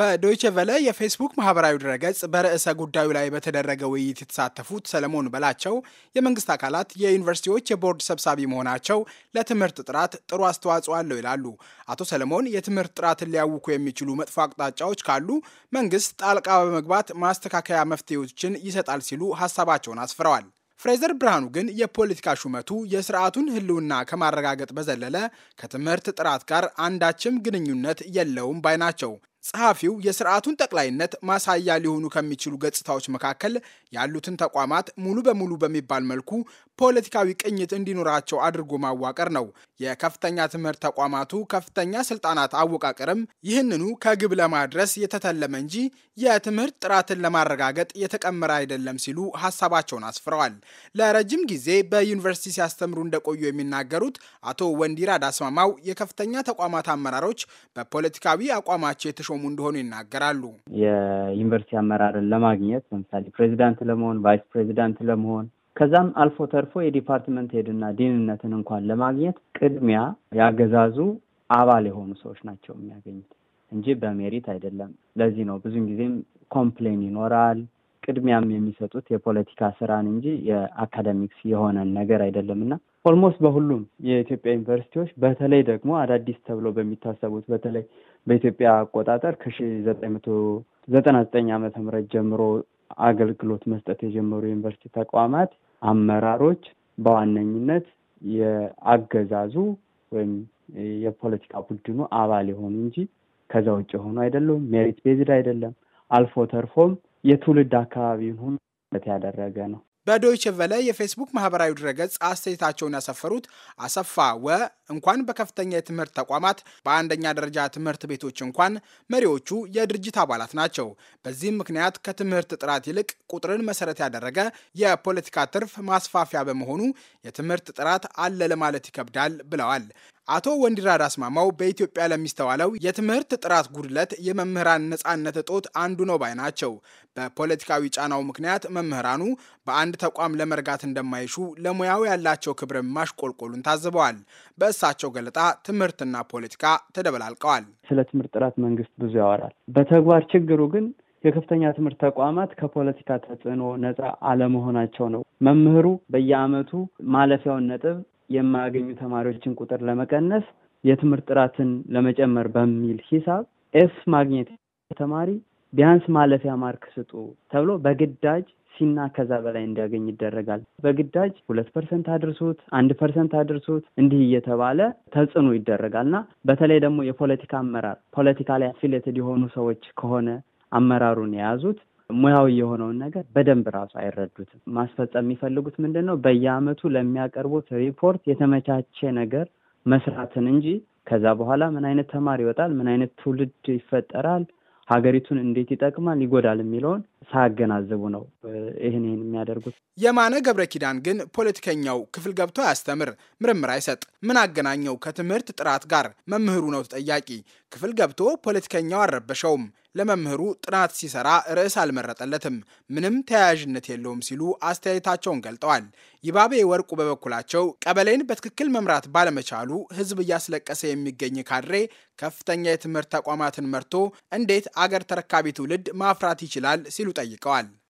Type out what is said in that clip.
በዶይቼ ቨለ የፌስቡክ ማህበራዊ ድረገጽ በርዕሰ ጉዳዩ ላይ በተደረገ ውይይት የተሳተፉት ሰለሞን በላቸው የመንግስት አካላት የዩኒቨርሲቲዎች የቦርድ ሰብሳቢ መሆናቸው ለትምህርት ጥራት ጥሩ አስተዋጽኦ አለው ይላሉ። አቶ ሰለሞን የትምህርት ጥራትን ሊያውኩ የሚችሉ መጥፎ አቅጣጫዎች ካሉ መንግስት ጣልቃ በመግባት ማስተካከያ መፍትሄዎችን ይሰጣል ሲሉ ሀሳባቸውን አስፍረዋል። ፍሬዘር ብርሃኑ ግን የፖለቲካ ሹመቱ የስርዓቱን ህልውና ከማረጋገጥ በዘለለ ከትምህርት ጥራት ጋር አንዳችም ግንኙነት የለውም ባይ ናቸው። ጸሐፊው የስርዓቱን ጠቅላይነት ማሳያ ሊሆኑ ከሚችሉ ገጽታዎች መካከል ያሉትን ተቋማት ሙሉ በሙሉ በሚባል መልኩ ፖለቲካዊ ቅኝት እንዲኖራቸው አድርጎ ማዋቀር ነው። የከፍተኛ ትምህርት ተቋማቱ ከፍተኛ ስልጣናት አወቃቀርም ይህንኑ ከግብ ለማድረስ የተተለመ እንጂ የትምህርት ጥራትን ለማረጋገጥ የተቀመረ አይደለም ሲሉ ሀሳባቸውን አስፍረዋል። ለረጅም ጊዜ በዩኒቨርሲቲ ሲያስተምሩ እንደቆዩ የሚናገሩት አቶ ወንዲራ ዳስማማው የከፍተኛ ተቋማት አመራሮች በፖለቲካዊ አቋማቸው የተሾ የተሾሙ እንደሆኑ ይናገራሉ። የዩኒቨርሲቲ አመራርን ለማግኘት ለምሳሌ ፕሬዚዳንት ለመሆን ቫይስ ፕሬዚዳንት ለመሆን ከዛም አልፎ ተርፎ የዲፓርትመንት ሄድና ዲንነትን እንኳን ለማግኘት ቅድሚያ ያገዛዙ አባል የሆኑ ሰዎች ናቸው የሚያገኙት እንጂ በሜሪት አይደለም። ለዚህ ነው ብዙን ጊዜም ኮምፕሌን ይኖራል። ቅድሚያም የሚሰጡት የፖለቲካ ስራን እንጂ የአካደሚክስ የሆነን ነገር አይደለም እና ኦልሞስት በሁሉም የኢትዮጵያ ዩኒቨርሲቲዎች በተለይ ደግሞ አዳዲስ ተብሎ በሚታሰቡት በተለይ በኢትዮጵያ አቆጣጠር ከሺ ዘጠኝ መቶ ዘጠና ዘጠኝ ዓመተ ምህረት ጀምሮ አገልግሎት መስጠት የጀመሩ ዩኒቨርሲቲ ተቋማት አመራሮች በዋነኝነት የአገዛዙ ወይም የፖለቲካ ቡድኑ አባል የሆኑ እንጂ ከዛ ውጭ የሆኑ አይደለም ሜሪት ቤዝድ አይደለም። አልፎ ተርፎም የትውልድ አካባቢውን ሁሉ ያደረገ ነው። በዶይቼ የፌስቡክ ማህበራዊ ድረገጽ አስተያየታቸውን ያሰፈሩት አሰፋ ወ እንኳን በከፍተኛ የትምህርት ተቋማት በአንደኛ ደረጃ ትምህርት ቤቶች እንኳን መሪዎቹ የድርጅት አባላት ናቸው። በዚህም ምክንያት ከትምህርት ጥራት ይልቅ ቁጥርን መሰረት ያደረገ የፖለቲካ ትርፍ ማስፋፊያ በመሆኑ የትምህርት ጥራት አለ ለማለት ይከብዳል ብለዋል። አቶ ወንዲራድ አስማማው በኢትዮጵያ ለሚስተዋለው የትምህርት ጥራት ጉድለት የመምህራን ነጻነት እጦት አንዱ ነው ባይ ናቸው። በፖለቲካዊ ጫናው ምክንያት መምህራኑ በአንድ ተቋም ለመርጋት እንደማይሹ ለሙያው ያላቸው ክብር ማሽቆልቆሉን ታዝበዋል። በእሳቸው ገለጣ ትምህርትና ፖለቲካ ተደበላልቀዋል። ስለ ትምህርት ጥራት መንግስት ብዙ ያወራል። በተግባር ችግሩ ግን የከፍተኛ ትምህርት ተቋማት ከፖለቲካ ተጽዕኖ ነፃ አለመሆናቸው ነው። መምህሩ በየአመቱ ማለፊያውን ነጥብ የማያገኙ ተማሪዎችን ቁጥር ለመቀነስ የትምህርት ጥራትን ለመጨመር በሚል ሂሳብ ኤፍ ማግኘት ተማሪ ቢያንስ ማለፊያ ማርክ ስጡ ተብሎ በግዳጅ ሲና ከዛ በላይ እንዲያገኝ ይደረጋል። በግዳጅ ሁለት ፐርሰንት አድርሱት፣ አንድ ፐርሰንት አድርሱት እንዲህ እየተባለ ተጽዕኖ ይደረጋል እና በተለይ ደግሞ የፖለቲካ አመራር ፖለቲካ ላይ አፊሌትድ የሆኑ ሰዎች ከሆነ አመራሩን የያዙት ሙያዊ የሆነውን ነገር በደንብ ራሱ አይረዱትም። ማስፈጸም የሚፈልጉት ምንድን ነው? በየአመቱ ለሚያቀርቡት ሪፖርት የተመቻቸ ነገር መስራትን እንጂ ከዛ በኋላ ምን አይነት ተማሪ ይወጣል፣ ምን አይነት ትውልድ ይፈጠራል፣ ሀገሪቱን እንዴት ይጠቅማል፣ ይጎዳል የሚለውን ሳያገናዘቡ ነው ይህን ይህን የሚያደርጉት። የማነ ገብረ ኪዳን ግን ፖለቲከኛው ክፍል ገብቶ አያስተምር፣ ምርምር አይሰጥ፣ ምን አገናኘው ከትምህርት ጥራት ጋር? መምህሩ ነው ተጠያቂ። ክፍል ገብቶ ፖለቲከኛው አልረበሸውም። ለመምህሩ ጥናት ሲሰራ ርዕስ አልመረጠለትም፣ ምንም ተያያዥነት የለውም ሲሉ አስተያየታቸውን ገልጠዋል። ይባቤ ወርቁ በበኩላቸው ቀበሌን በትክክል መምራት ባለመቻሉ ሕዝብ እያስለቀሰ የሚገኝ ካድሬ ከፍተኛ የትምህርት ተቋማትን መርቶ እንዴት አገር ተረካቢ ትውልድ ማፍራት ይችላል ሲሉ ጠይቀዋል።